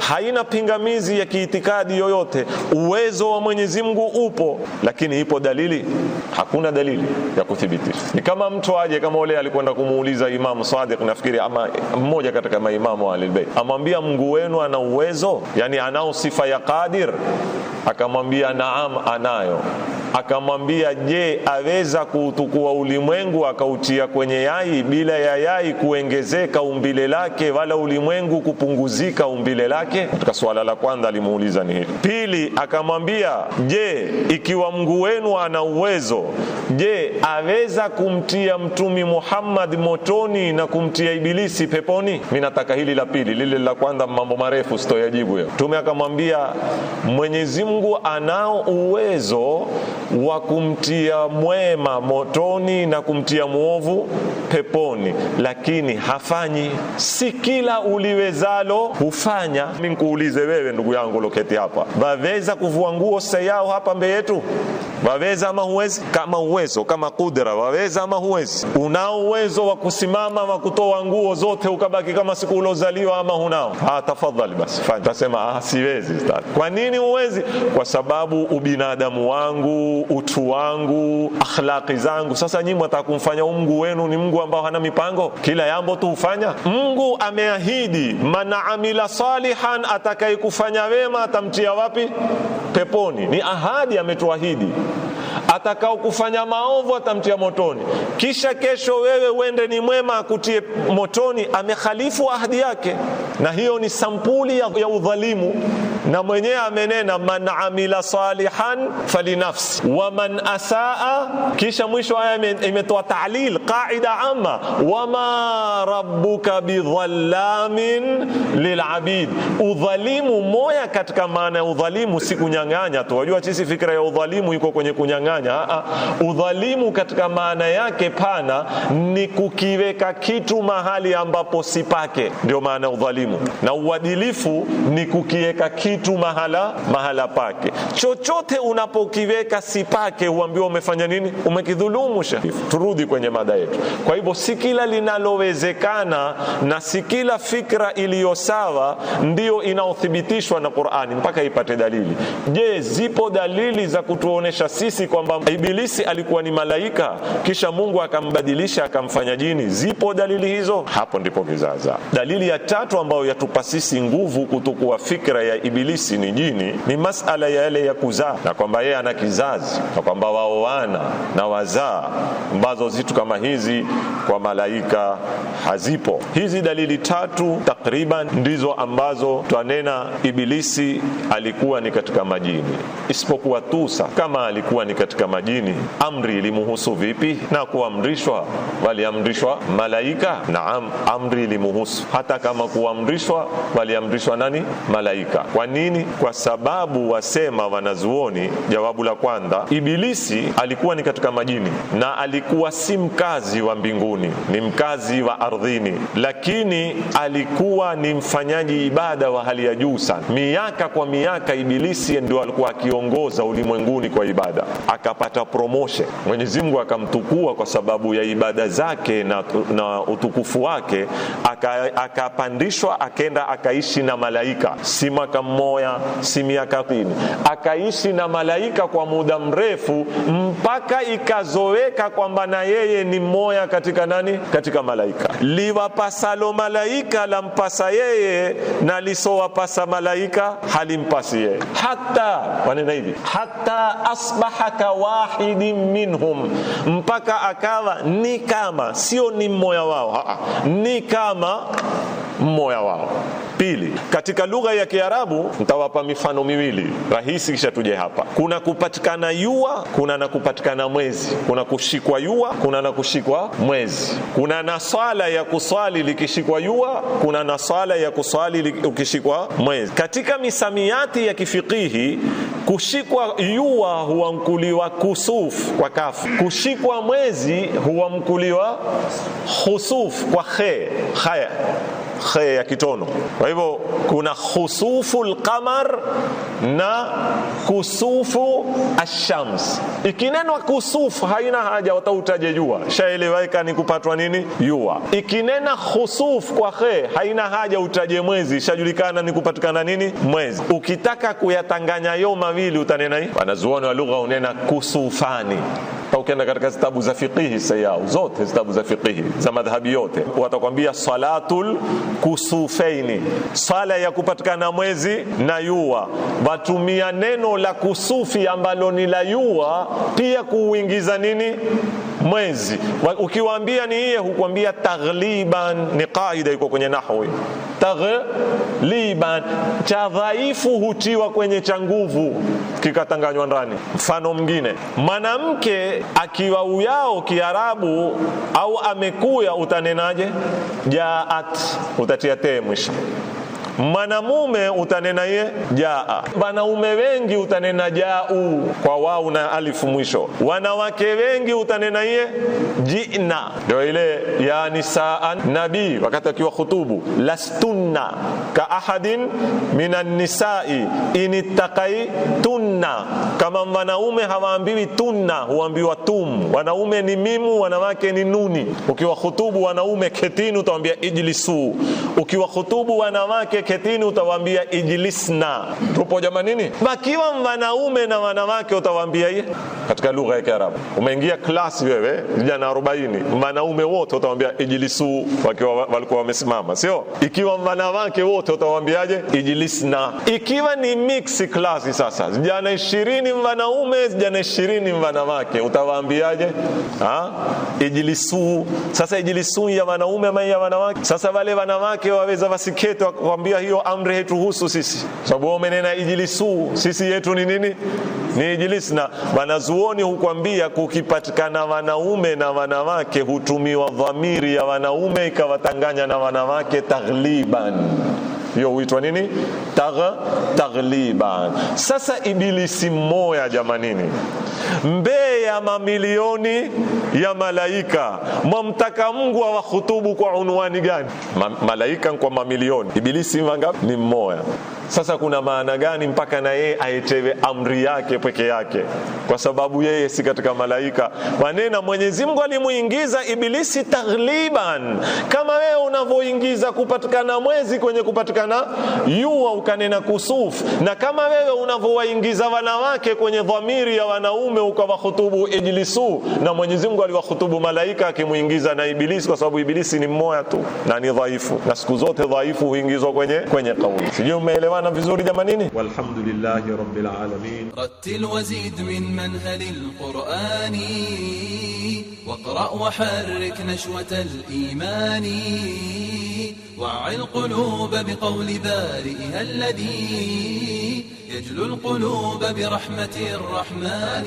haina pingamizi ya kiitikadi yoyote. Uwezo wa Mwenyezi Mungu upo, lakini ipo dalili? Hakuna dalili ya kuthibitisha. Ni kama mtu aje, kama ule alikwenda kumuuliza Imamu Sadiq, nafikiri ama mmoja katika maimamu wa Ahlulbayt, amwambia Mungu wenu ana uwezo, yani anao sifa ya qadir? Akamwambia naam, anayo. Akamwambia je, aweza kuutukua ulimwengu akautia kwenye yai bila ya yai kuongezeka umbile lake wala ulimwengu kupunguzika umbile lake? Katika suala la kwanza alimuuliza ni hili. Pili akamwambia, je, ikiwa Mungu wenu ana uwezo, je, aweza kumtia Mtumi Muhammad motoni na kumtia Ibilisi peponi? Mi nataka hili la pili, lile la kwanza mambo marefu sitoyajibu. Mtume akamwambia, Mwenyezi Mungu anao uwezo wa kumtia mwema motoni na kumtia muovu peponi, lakini hafanyi si kila uliwezalo hufanya. Mimi nikuulize wewe, ndugu yangu loketi hapa, waweza kuvua nguo seyao hapa mbele yetu? Waweza ama huwezi? Kama uwezo kama kudra, waweza ama huwezi? Unao uwezo wa kusimama wa kutoa nguo zote ukabaki kama siku ulozaliwa ama hunao? Ah, tafadhali basi fanya. Tasema ah, siwezi. Kwa nini huwezi? Kwa sababu ubinadamu wangu, utu wangu, akhlaqi zangu. Sasa nyinyi mtakumfanya Mungu wenu ni Mungu ambao hana mipango, kila jambo tu ufanya mm. Mungu ameahidi, man amila salihan, atakayekufanya wema atamtia wapi? Peponi. Ni ahadi ametuahidi atakao kufanya maovu atamtia motoni, kisha kesho wewe uende ni mwema akutie motoni. Amekhalifu ahadi yake, na hiyo ni sampuli ya, ya udhalimu. Na mwenyewe amenena man amila salihan falinafsi wa man asaa, kisha mwisho aya imetoa ta'lil qaida amma wama rabbuka bidhallamin lilabid. Udhalimu moya katika maana ya udhalimu si kunyang'anya tu. Wajua sisi fikra ya udhalimu iko kwenye kunyang'anya Aa, Udhalimu katika maana yake pana ni kukiweka kitu mahali ambapo si pake, ndio maana udhalimu. Na uadilifu ni kukiweka kitu mahala mahala pake. Chochote unapokiweka si pake, huambiwa umefanya nini? Umekidhulumu. Turudi kwenye mada yetu. Kwa hivyo, si kila linalowezekana na si kila fikra iliyo sawa ndiyo inaothibitishwa na Qur'ani, mpaka ipate dalili. Je, zipo dalili za kutuonesha sisi kwa kwamba Ibilisi alikuwa ni malaika kisha Mungu akambadilisha akamfanya jini? Zipo dalili hizo? Hapo ndipo vizaza Dalili ya tatu ambayo yatupa sisi nguvu kutokuwa fikra ya Ibilisi ni jini, ni masala yale ya kuzaa, na kwamba yeye ana kizazi, na kwamba waoana na wazaa, ambazo zitu kama hizi kwa malaika hazipo. Hizi dalili tatu takriban ndizo ambazo twanena Ibilisi alikuwa ni katika majini, isipokuwa tusa kama alikuwa ni katika katika majini, amri ilimuhusu vipi na kuamrishwa? Waliamrishwa malaika? Naam, amri ilimuhusu. Hata kama kuamrishwa, waliamrishwa nani? Malaika. Kwa nini? Kwa sababu wasema wanazuoni, jawabu la kwanza, Ibilisi alikuwa ni katika majini na alikuwa si mkazi wa mbinguni, ni mkazi wa ardhini, lakini alikuwa ni mfanyaji ibada wa hali ya juu sana. Miaka kwa miaka, Ibilisi ndio alikuwa akiongoza ulimwenguni kwa ibada Aka kapata promotion. Mwenyezi Mungu akamtukua kwa sababu ya ibada zake na, na utukufu wake, akapandishwa aka akenda akaishi na malaika, si mwaka mmoja, si miaka kumi, akaishi na malaika kwa muda mrefu, mpaka ikazoweka kwamba na yeye ni mmoja katika nani, katika malaika. Liwapasalo malaika lampasa yeye, na lisowapasa malaika halimpasi yeye. Hata wanena hivi hata asbaha wahidin minhum, mpaka akawa ni kama, sio ni mmoja wao, ni kama mmoja wao. Pili, katika lugha ya Kiarabu nitawapa mifano miwili rahisi, kisha tuje hapa. Kuna kupatikana yua, kuna na kupatikana mwezi. Kuna kushikwa yua, kuna na kushikwa mwezi. Kuna na swala ya kuswali likishikwa yua, kuna na swala ya kuswali ukishikwa mwezi. Katika misamiati ya kifikihi Kushikwa yua huamkuliwa kusuf kwa kaf, kushikwa mwezi huamkuliwa husuf kwa khe haya khe ya kitono. Kwa hivyo kuna khusufu alqamar na kusufu ashams. Ikinenwa kusufu haina haja watautaje jua, shaeleweka ni kupatwa nini jua. Ikinena khusufu kwa khe haina haja utaje mwezi, shajulikana ni kupatikana nini mwezi. Ukitaka kuyatanganya yo mawili utanena hii, wanazuoni wa lugha unena kusufani ukienda katika zitabu za fiqihi sayau zote zitabu za fiqihi za madhhabi yote watakwambia salatul kusufeini, sala ya kupatikana mwezi na yua. Watumia neno la kusufi ambalo ni la yua pia kuuingiza nini mwezi. Ukiwaambia ni yeye, hukwambia taghliban. Ni qaida iko kwenye nahwi tagliban, cha dhaifu hutiwa kwenye cha nguvu kikatanganywa ndani. Mfano mwingine, mwanamke akiwa uyao Kiarabu au amekuya, utanenaje? jaat Portanto, já temos mwanamume utanena ye jaa, wanaume wengi utanena jau kwa wau na alifu mwisho, wanawake wengi utanena ye jina. Ndio ile ya nisaa nabii wakati akiwa khutubu, lastunna ka ahadin minan nisai inittakaitunna, kama wanaume hawaambiwi tunna, huambiwa tum. Wanaume ni mimu, wanawake ni nuni. Ukiwa khutubu wanaume ketinu, utawaambia ijlisu. Ukiwa khutubu wanawake ketini, utawaambia ijlisna, tupo jama nini. Wakiwa wanaume na wanawake, utawaambia ye katika lugha ya Kiarabu. Umeingia klasi wewe, vijana 40 wanaume wote, utawaambia ijlisu, wakiwa walikuwa wamesimama, sio? Ikiwa wanawake wote, utawaambiaje? Ijlisna. Ikiwa ni mix klasi, sasa vijana 20 wanaume, vijana 20 wanawake, utawaambiaje? Ha? ijlisu. Sasa ijlisu ya wanaume ama ya wanawake? Sasa wale wanawake waweza wasikete wakwambia kuja hiyo amri husu sisi, sababu wao umenena ijilisu, sisi yetu ni nini? Ni ijilisna. Wanazuoni hukwambia kukipatikana wanaume na wanawake, hutumiwa dhamiri ya wanaume ikawatanganya na wanawake tagliban hiyo huitwa nini Tag, tagliban sasa ibilisi mmoya jamanini mbee ya mamilioni ya malaika mwamtaka mungu awahutubu kwa unwani gani Ma, malaika kwa mamilioni ibilisi wangapi ni mmoya sasa kuna maana gani mpaka na yeye aitewe amri yake peke yake, kwa sababu yeye si katika malaika wanena? Mwenyezi Mungu alimuingiza Ibilisi tagliban kama wewe unavyoingiza kupatikana mwezi kwenye kupatikana yua ukanena kusuf na kama wewe unavyowaingiza wanawake kwenye dhamiri ya wanaume ukawahutubu ijlisu. Na Mwenyezi Mungu aliwahutubu malaika akimuingiza na Ibilisi, kwa sababu Ibilisi ni mmoja tu na ni dhaifu, na siku zote dhaifu huingizwa kwenye kwenye kauli. Sijui umeelewa? وانا في دمانيني والحمد لله رب العالمين رتل وزيد من منهل القرآن واقرأ وحرك نشوة الإيمان وع القلوب بقول بارئها الذي يجلو القلوب برحمة الرحمن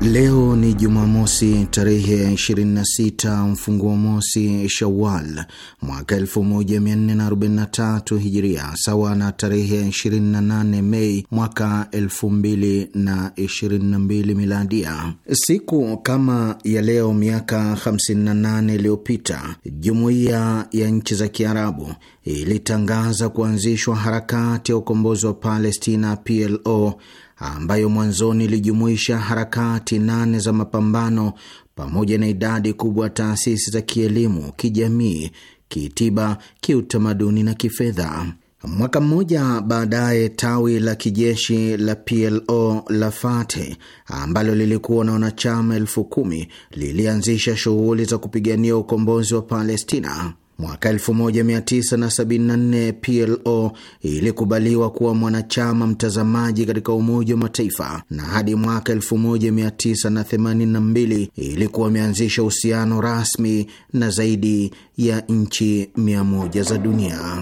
Leo ni Jumamosi tarehe ya 26 mfunguo mosi Shawal mwaka 1443 Hijiria, sawa na tarehe 28 Mei mwaka 2022 Miladia. Siku kama ya leo miaka 58 iliyopita, jumuiya ya nchi za Kiarabu ilitangaza kuanzishwa harakati ya ukombozi wa Palestina, PLO ambayo mwanzoni ilijumuisha harakati nane za mapambano pamoja na idadi kubwa ya taasisi za kielimu, kijamii, kitiba, kiutamaduni na kifedha. Mwaka mmoja baadaye tawi la kijeshi la PLO la fate ambalo lilikuwa na wanachama elfu kumi lilianzisha shughuli za kupigania ukombozi wa Palestina. Mwaka 1974 PLO ilikubaliwa kuwa mwanachama mtazamaji katika Umoja wa Mataifa na hadi mwaka 1982 ilikuwa imeanzisha uhusiano rasmi na zaidi ya nchi 100 za dunia.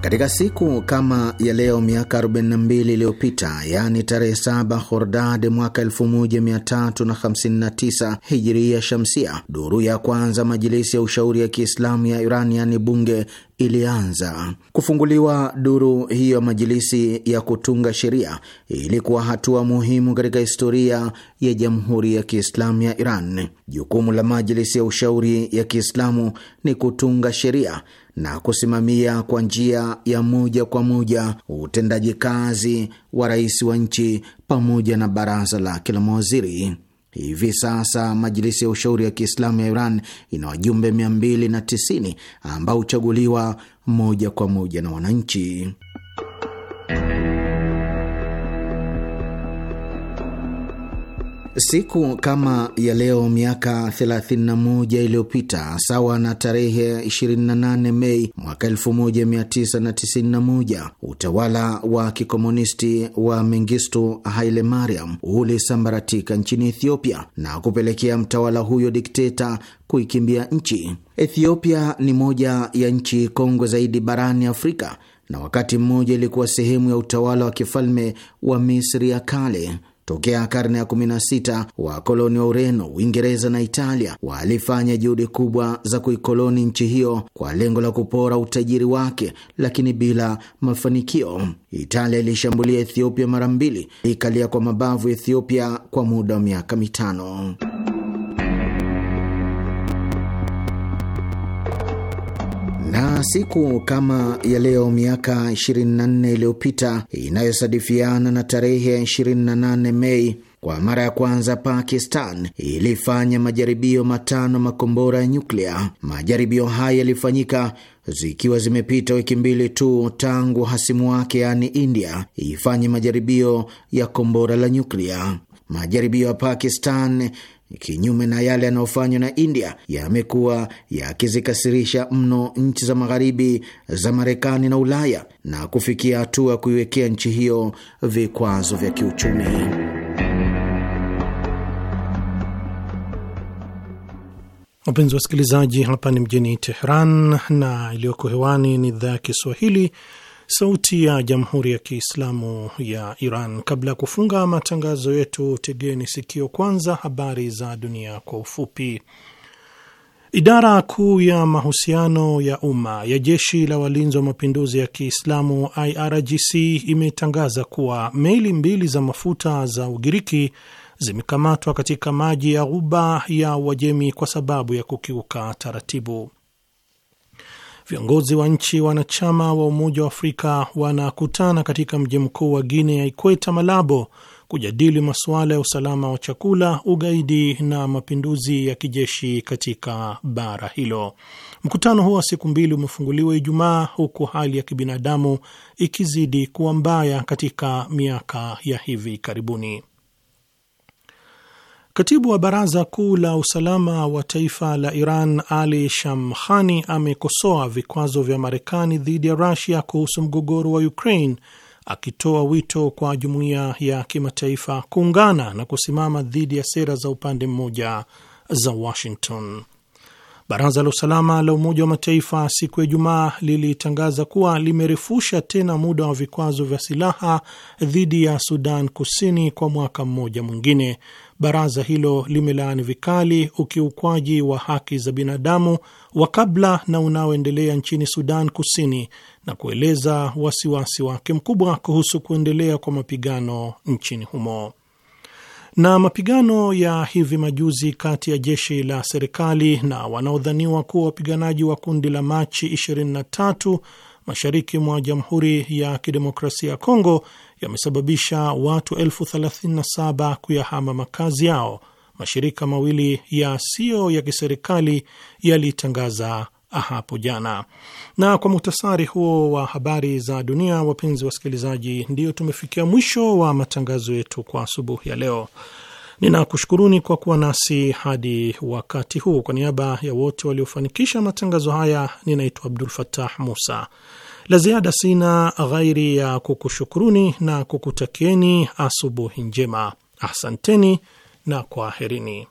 Katika siku kama ya leo miaka 42 iliyopita, yaani tarehe 7 hordad mwaka 1359 Hijria Shamsia, duru ya kwanza majilisi ya ushauri ya Kiislamu ya Iran, yaani bunge ilianza kufunguliwa. Duru hiyo ya majilisi ya kutunga sheria ilikuwa hatua muhimu katika historia ya Jamhuri ya Kiislamu ya Iran. Jukumu la majilisi ya ushauri ya Kiislamu ni kutunga sheria na kusimamia kwa njia ya moja kwa moja utendaji kazi wa rais wa nchi pamoja na baraza lake la mawaziri. Hivi sasa Majilisi ya Ushauri ya Kiislamu ya Iran ina wajumbe 290 ambao huchaguliwa moja kwa moja na wananchi. Siku kama ya leo miaka 31 iliyopita, sawa na tarehe 28 Mei mwaka 1991, utawala wa kikomunisti wa Mengistu Haile Mariam ulisambaratika nchini Ethiopia na kupelekea mtawala huyo dikteta kuikimbia nchi. Ethiopia ni moja ya nchi kongwe zaidi barani Afrika na wakati mmoja ilikuwa sehemu ya utawala wa kifalme wa Misri ya kale. Tokea karne ya 16 wakoloni wa Ureno, Uingereza na Italia walifanya juhudi kubwa za kuikoloni nchi hiyo kwa lengo la kupora utajiri wake, lakini bila mafanikio. Italia ilishambulia Ethiopia mara mbili, ikalia kwa mabavu Ethiopia kwa muda wa miaka mitano. Na siku kama ya leo miaka 24 iliyopita inayosadifiana na tarehe ya 28 Mei, kwa mara ya kwanza Pakistan ilifanya majaribio matano makombora ya nyuklia. Majaribio haya yalifanyika zikiwa zimepita wiki mbili tu tangu hasimu wake, yaani India, ifanye majaribio ya kombora la nyuklia. Majaribio ya Pakistan kinyume na yale yanayofanywa na India, yamekuwa yakizikasirisha mno nchi za magharibi za Marekani na Ulaya na kufikia hatua ya kuiwekea nchi hiyo vikwazo vya kiuchumi. Wapenzi wasikilizaji, hapa ni mjini Teheran na iliyoko hewani ni idhaa ya Kiswahili Sauti ya Jamhuri ya Kiislamu ya Iran. Kabla ya kufunga matangazo yetu, tegeni sikio kwanza habari za dunia kwa ufupi. Idara kuu ya mahusiano ya umma ya jeshi la walinzi wa mapinduzi ya Kiislamu IRGC imetangaza kuwa meli mbili za mafuta za Ugiriki zimekamatwa katika maji ya ghuba ya Uajemi kwa sababu ya kukiuka taratibu. Viongozi wa nchi wanachama wa Umoja wa Afrika wanakutana katika mji mkuu wa Guinea ya Ikweta, Malabo, kujadili masuala ya usalama wa chakula, ugaidi na mapinduzi ya kijeshi katika bara hilo. Mkutano huo wa siku mbili umefunguliwa Ijumaa, huku hali ya kibinadamu ikizidi kuwa mbaya katika miaka ya hivi karibuni. Katibu wa Baraza Kuu la Usalama wa Taifa la Iran Ali Shamkhani amekosoa vikwazo vya Marekani dhidi ya Rusia kuhusu mgogoro wa Ukraine, akitoa wito kwa jumuiya ya kimataifa kuungana na kusimama dhidi ya sera za upande mmoja za Washington. Baraza la Usalama la Umoja wa Mataifa siku ya Ijumaa lilitangaza kuwa limerefusha tena muda wa vikwazo vya silaha dhidi ya Sudan Kusini kwa mwaka mmoja mwingine Baraza hilo limelaani vikali ukiukwaji wa haki za binadamu wa kabla na unaoendelea nchini Sudan Kusini na kueleza wasiwasi wake mkubwa kuhusu kuendelea kwa mapigano nchini humo. Na mapigano ya hivi majuzi kati ya jeshi la serikali na wanaodhaniwa kuwa wapiganaji wa kundi la Machi 23 mashariki mwa Jamhuri ya Kidemokrasia ya Kongo yamesababisha watu elfu saba kuyahama makazi yao. Mashirika mawili yasiyo ya kiserikali yalitangaza hapo jana. Na kwa muhtasari huo wa habari za dunia, wapenzi wasikilizaji, ndio tumefikia mwisho wa matangazo yetu kwa asubuhi ya leo. Ninakushukuruni kwa kuwa nasi hadi wakati huu. Kwa niaba ya wote waliofanikisha matangazo haya, ninaitwa Abdul Fatah Musa. La ziada sina ghairi ya kukushukuruni na kukutakieni asubuhi njema. Asanteni na kwaherini.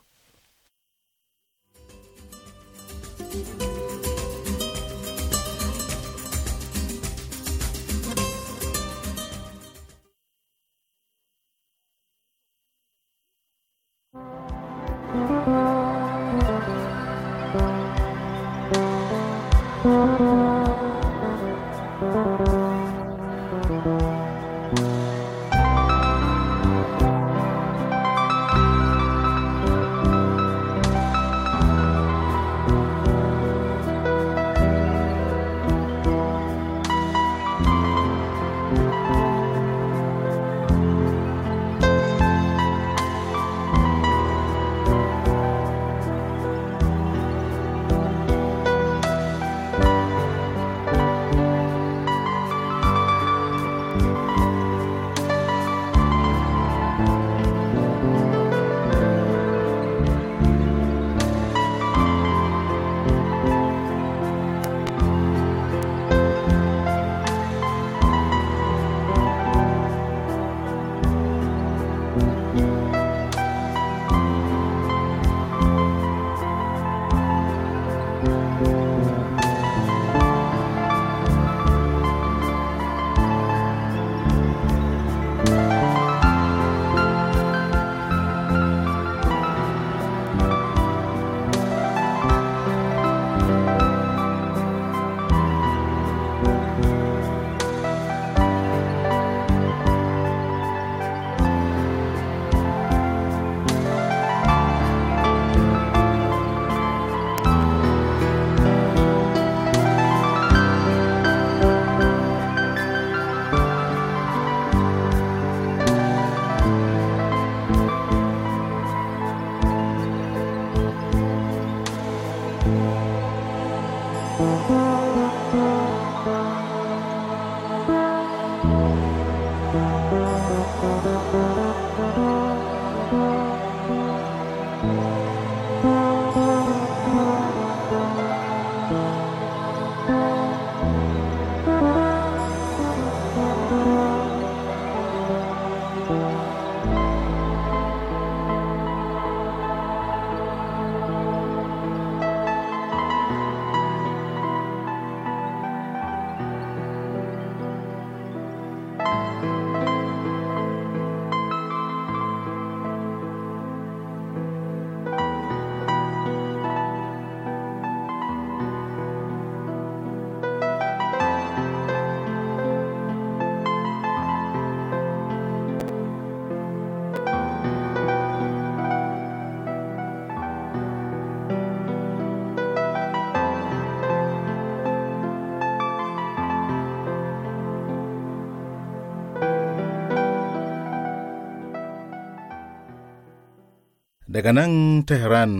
Daga nan Tehran